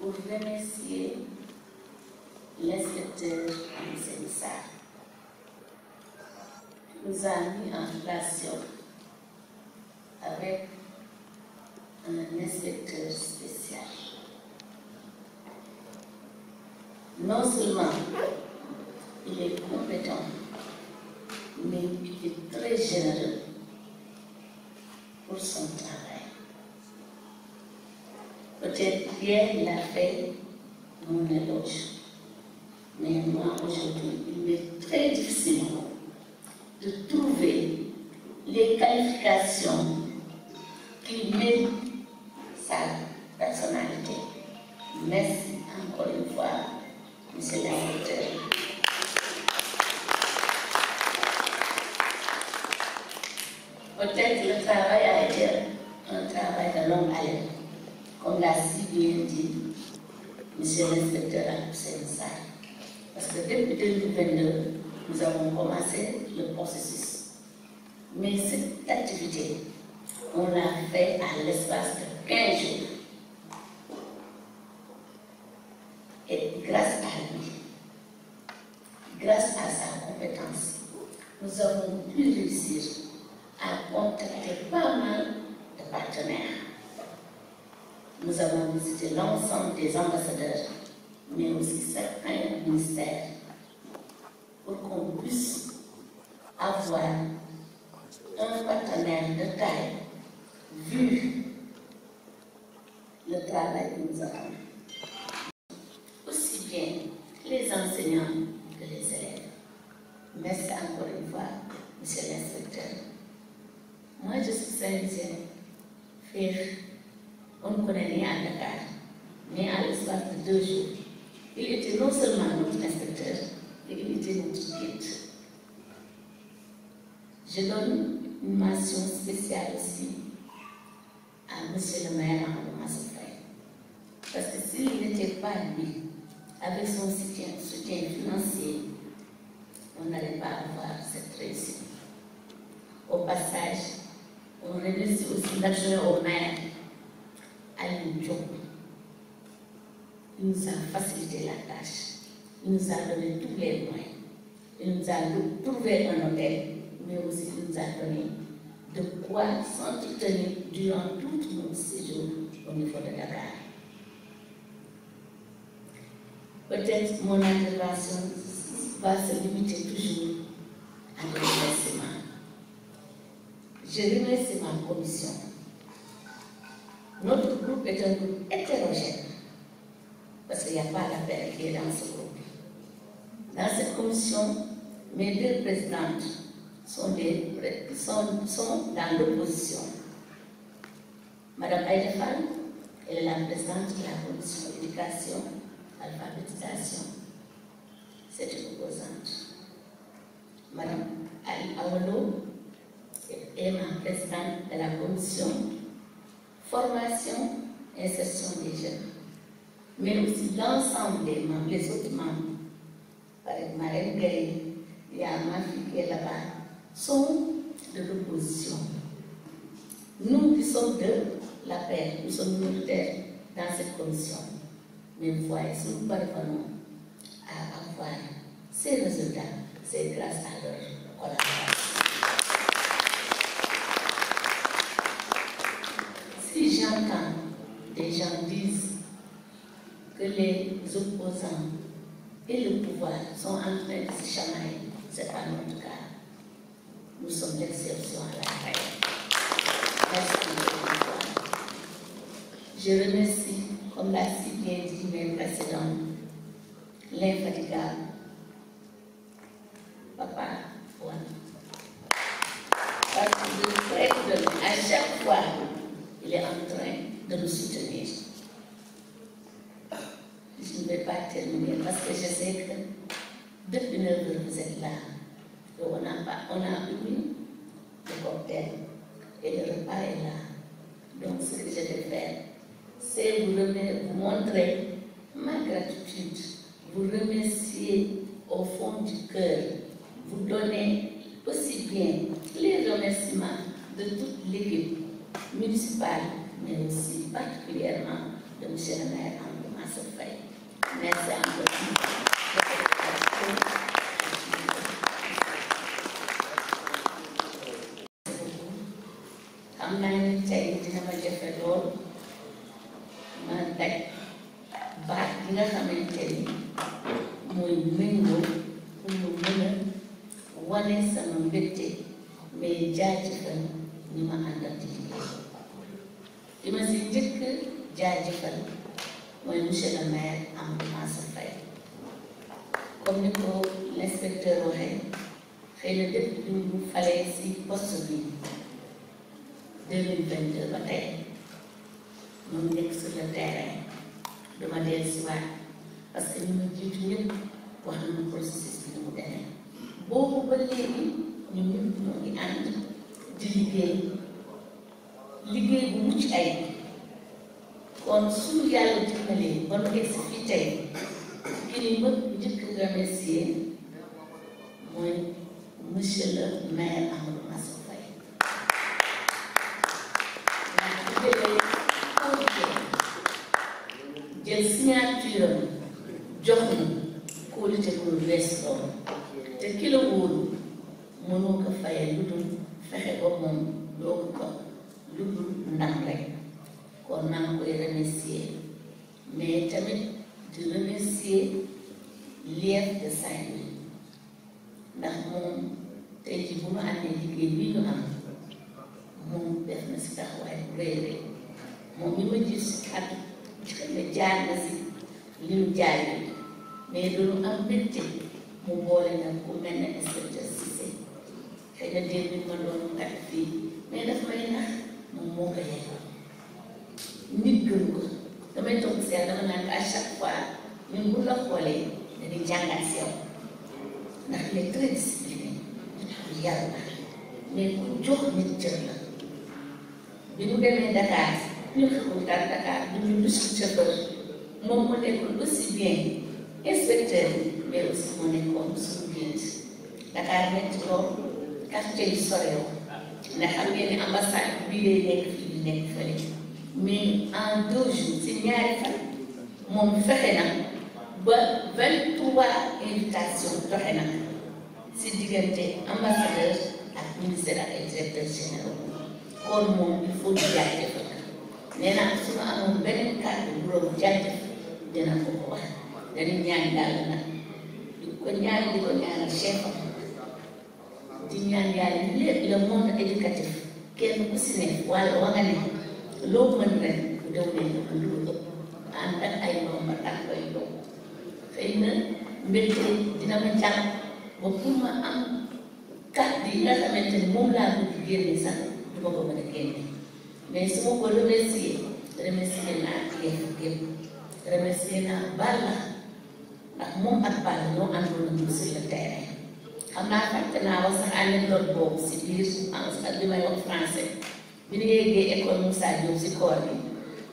pour remercier l'inspecteur Anselissa qui nous a mis en relation avec un inspecteur spécial. Non seulement il est compétent, mais il est très généreux pour son travail peut-être l'a fait mon éloge. Mais moi, aujourd'hui, il m'est très difficile de trouver les qualifications qui mènent sa personnalité. Merci encore une fois, M. le Peut-être le travail a été un travail de à haleine. Monsieur l'inspecteur Parce que depuis 2022, nous avons commencé le processus. Mais cette activité, on l'a fait à l'espace de 15 jours. Et grâce à lui, grâce à sa compétence, nous avons pu réussir à contacter pas mal de partenaires. Nous avons visité l'ensemble des ambassadeurs, mais aussi certains ministères, pour qu'on puisse avoir un partenaire de taille, vu le travail que nous avons. Aussi bien les enseignants que les élèves. Merci encore une fois, Monsieur l'inspecteur. Moi, je suis saint faire on ne connaît rien à Dakar, mais à l'espace de deux jours, il était non seulement notre inspecteur, mais il était notre guide. Je donne une mention spéciale aussi à M. le maire Arnaud Parce que s'il n'était pas lui, avec son soutien, financier, on n'allait pas avoir cette réussite. Au passage, on remercie aussi l'adjoint au maire il nous a facilité la tâche. Il nous a donné tous les moyens. Il nous a trouvé un hôtel, mais aussi nous a donné de quoi s'entretenir durant tout notre séjour au niveau de la barre. Peut-être mon intervention va se limiter toujours à des Je remercie ma commission notre groupe est un groupe hétérogène, parce qu'il n'y a pas d'appel qui est dans ce groupe. Dans cette commission, mes deux présidentes sont, dans l'opposition. Madame Aïdefan, elle est la présidente de la commission éducation, alphabétisation. C'est une opposante. Madame Ali elle est ma présidente de la commission formation, insertion des jeunes, mais aussi l'ensemble des membres, les autres membres, par exemple Marine Gay, il y a qui est là-bas, sont de l'opposition. Nous qui sommes de la paix, nous sommes militaires dans cette commission. Même fois, si nous parvenons à avoir ces résultats, c'est grâce à leur collaboration. les gens disent que les opposants et le pouvoir sont en train de se chamailler, c'est pas notre cas. Nous sommes l'exception à la règle. Je remercie, comme l'a si bien dit mes précédents, l'infatigable Papa Juan vais pas terminer parce que je sais que depuis une heure vous êtes là. on a, on a eu le cocktail et le repas est là. Donc, ce que je vais faire, c'est vous, montrer ma gratitude, vous remercier au fond du cœur, vous donner aussi bien les remerciements de toute l'équipe municipale, mais aussi particulièrement de M. le maire André Merci un peu. xam naa ne tey dina ma jafe lool ma daj baat nga xamante ni mooy méngoo pour mu mën a wane sama mbégte mais jaajëfal ñi ma àndal ci liggéey bi ma si njëkk jaajëfal. when she Mwenushelamel Amkumasafai. Communico l'inspecteur Rohen, fait le début du fallait si possible. 2022 ba tey mu nekk sur le terrain duma dellu si waat parce que ñu ma jiitu ñëpp wax nañu processus bi ni mu demee boobu ba léegi ñun ñëpp ñoo ngi ànd di liggéey liggéey bu mucc ayib kon suñu yàlla dimbalee ba mu egsi fi tey kilifa njëkk nga remercier mooy monsieur le maire Amadou Massa Faye ndax bu jëlee comité jël signature jox ñu kóolute bu wees loolu te ki la wóolu mënoo lu dul fexe ba moom lu dul ndam rek kon maa ngi koy remercier mais tamit di remercier lief de Saint-Louis ndax moom tey jii bu ma amee liggéey bi ñu am moom si taxawaay bu rëy rëy moom si li mu jaar yi mais dañu mu boole nag ku mel ne inspecteur Cissé xëy na ma doon kat fii mais daf may nax moom moo ko nit gën ko damay toog seet dama naan à chaque fois ñun bu la xoolee dañuy jàngat si yow ndax il est très discipliné yàlla mais ku jox nit cër la bi ñu demee Dakar ñu xamul daal Dakar du ñu lusu chauffeur moom mu nekkoon aussi bien inspecteur mais aussi mu nekkoon suñu gént Dakar nekk loolu quartier yi sorewoo ndax xam ngeen ne ambassade bii lay nekk fii nekk fële mais en deux jours si ñaari fan moom fexe na ba vingt trois invitation joxe na si diggante ambassadeur ak ministère ak ay directeur général kon moom il faut ñu jaajëfal nee naa su ma amoon beneen kàddu bu doon jaajëf dina ko ko wax dañu ñaan daal nag di ko ñaan di ko ñaanal chef di ñaan yàlla lépp le monde éducatif kenn ku si ne wala wa nga loo mën rek bu demee lu ëpp ànd ak ay nomba ak koy yokk xëy na mbégte dina ma jàpp ba pour ma am carte yi nga xamante ni moom laa bëgg génne sax du ma ko mën a génne mais su ma ko remercier remercier naa yéen gépp remercier naa Balla ndax moom ak Balla ñoo àndoon nañu sur le terrain xam naa fàtte naa wax sax anecdote boobu si biir en li may wax français bi ñu yeggee école Moussa Diop si koor bi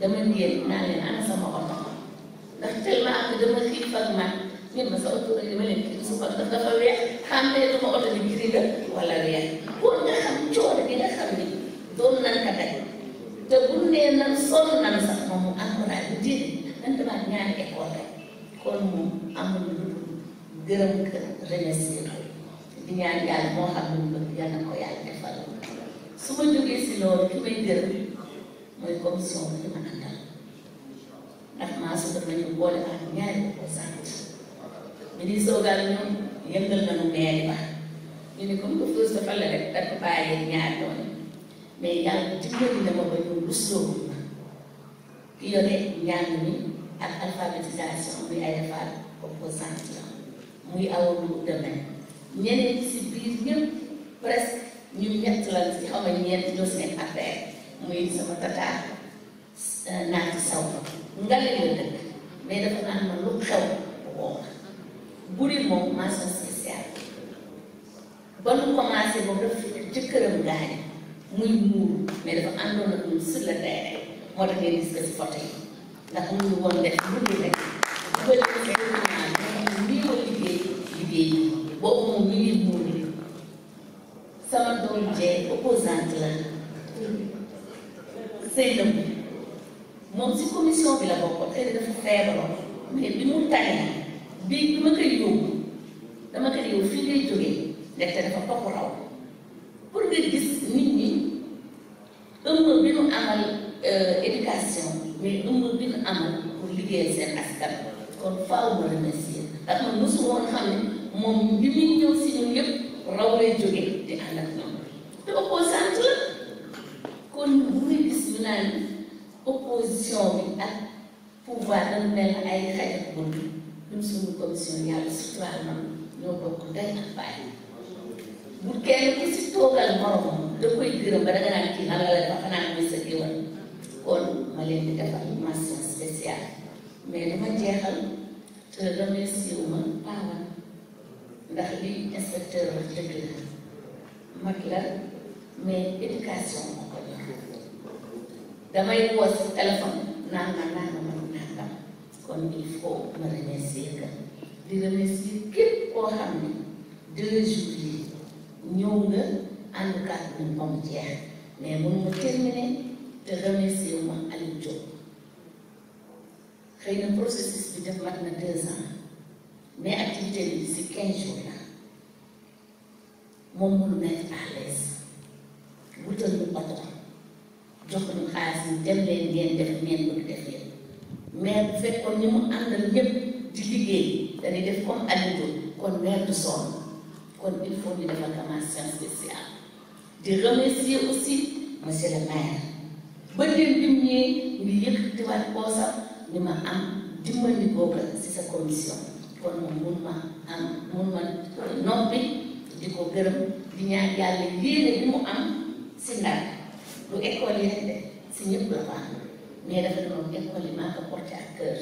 dama ndiyal naan leen ana sama oto ndax tellement que dama xiif ak man ñun ma sa oto rek dama leen kii su ko def dafa weex xam ne dama oto bi giri la wala weex pour nga xam coono bi nga xam ni doon nan ka daj te bu nee nan sonn nan sax moom mu encourage bi déedéet nan demaat ñaari école rek kon moom amul lu gërëm que remercier di ñaan yàlla moo xam ne mu bëgg yàlla na ko yàlla defal su ma jógee si loolu ki may gërëm mooy commission bi ma àndal ndax maa su dafa ñu boole ak ñaari composante ministre Ogal ñoom yëngal nañu mairie ba ñu ne comme que Firuz dafa la rek dafa bàyyi ñaar doon mais yàlla dimbali na ma ba ñu rusloo ki yore njàng mi ak alphabétisation muy ay defar composante la muy awoonu demain ñeneen ci biir ñëpp ñun ñett lan ci xaw ma ñoo fi affaire muy sama tata euh, naati saw ngalee la dëkk mais dafa naan ma lu xew woo ma buri moom mention spéciale ba nu commencé moom dafa fi jëkkëram gaañ muy muuru mais dafa àndoon ak ñun sur le moo tax ngeen gis ko ci photo yi ndax mu ngi def lu rek opposante la sëy lëmb moom si commission bi la bokkoon xëy na dafa feebaroon mais bi mu tane bii bi ma koy yóbbu dama koy yóbbu fii ngay jógee ndaxte dafa topp raw pour nga gis nit ñi ëmb bi nu amal euh, éducation mais ëmb bi nu amal pour liggéeyal seen askan kon faaw ma remercier ndax man mosu woon xam ne moom bi muy ñëw si ñun yëpp raw lay jógee di ànd ak dama ko sant kon bu nga gis ñu naan opposition bi ak pouvoir dañu mel ay xaj ak bunt ñun suñu commission yàlla sutural na ñoo bokk day ak bàyyi bu kenn ku si toogal moromam da koy gërëm ba da nga naan kii nanga la dafa naan muy sa géwal kon ma leen di defal mention spéciale mais dama jeexal te remercié wu ma paawan ndax li inspecteur wax dëgg la mag la mais éducation moo ko damay woo si téléphone nangam nangam ak nangam kon il faut ma remercier que di remercier képp koo xam ne deux jours yi ñëw nga ànd kaat ñun mu terminer te remercier ma Aliou Diop xëy na processus bi def mat na deux ans mais activité bi si quinze la moom mënu nekk à batara jox ñu xaalis ñu dem leen ngeen def ngeen bëgg def yéen maire bu fekkoon ñi mu àndal ñëpp di liggéey dañuy def comme alinto kon maire du sonn kon il faut ñu defal commission spéciale di remercier aussi monsieur le maire ba leen dim de ngi yëkkatiwaat poosam ni ma am dimbali boobu si sa commission kon moom mun ma am mun ma noppi di ko gërëm di ñaan yàlla yéene bi mu am si ndaw du école yi rek de si ko am ak kër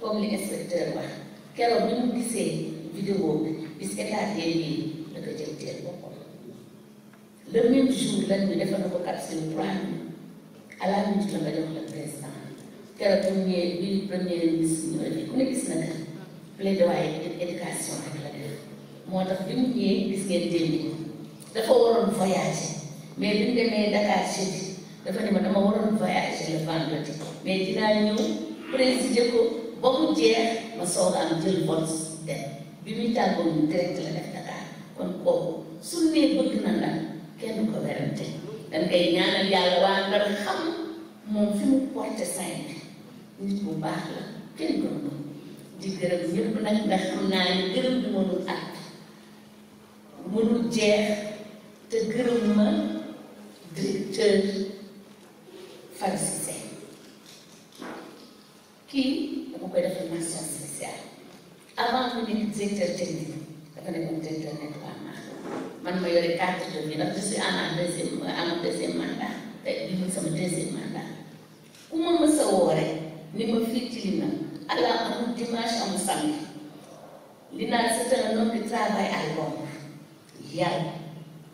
comme li inspecteur wax keroog bi mu gisee vidéo bi bis état des lieux la ko jël teel boppam le même jour na ko capsule trois à la la nga jox le président keroog bi mu bi premier ministre ku ne gis na ka plaidoyer éducation rek la def moo tax bi mu ñëwee gis ngeen démb dafa waroon voyager. mais bi mu demee Dakar City dafa ne ma dama waroon voyager le vendredi mais dinaa ñëw présider ko ba mu jeex ma soog am jël bon dem bi muy tàggoo ñu direct la def Dakar kon kooku su ne bëgg na la kenn ko werante dañ koy ñaanal yàlla waa nga moom fi mu porté say nit bu baax la kenn gën ko di gërëm ñëpp nag nga xam naa ne gërëm du mënul at mënul jeex te gërëm ma que faleceu, que é uma coisa da formação social. Avant, eu me dizia ah, ah, que daga ne kon directeur nekk waa maa man ma yore carte de vie ndax je suis en en deuxième en deuxième mandat te bi muy sama deuxième mandat ku ma mës a é uma ni ma é ci li na allah amul dimanche amul samedi li naan c'est un homme qui travaille à l'ombre yàlla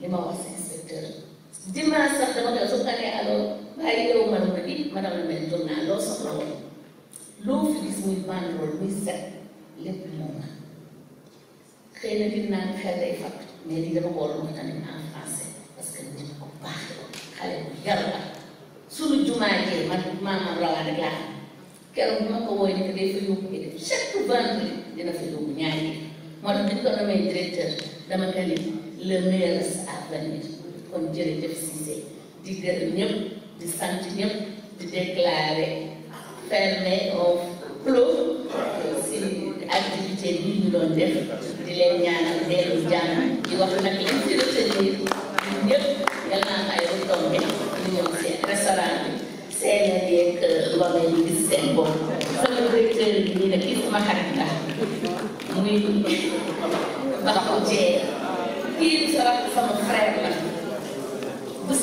li ma wax si inspecteur dimanche sax dama koy su ko nee alors bàyyi man ma di ma dama mel loo soxla woon loo fi gis muy banderole muy set lépp moom la xëy na dina nit ku baax bu yar la suñu jumaa jee bi ma dina fa yóbbu ñaari moo tax bi ko namee directeur dama ko ne le meilleur à venir kon jërëjëf Cissé di gërëm ñëpp di sant ñëpp di déclarer fermé au clos si activité bi ñu def di leen ñaanal dellu jàmm di wax nag leen ci retenir ñëpp yàlla na am ay retombées ñu seen restaurant bi seen yeeg lone yi gis seen bopp sama directeur bi ñu ne kii sama xarit la muy baxu jee kii sama frère la